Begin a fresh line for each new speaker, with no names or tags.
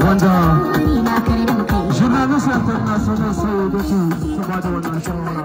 Wanda Journalist International sai da ke ta bada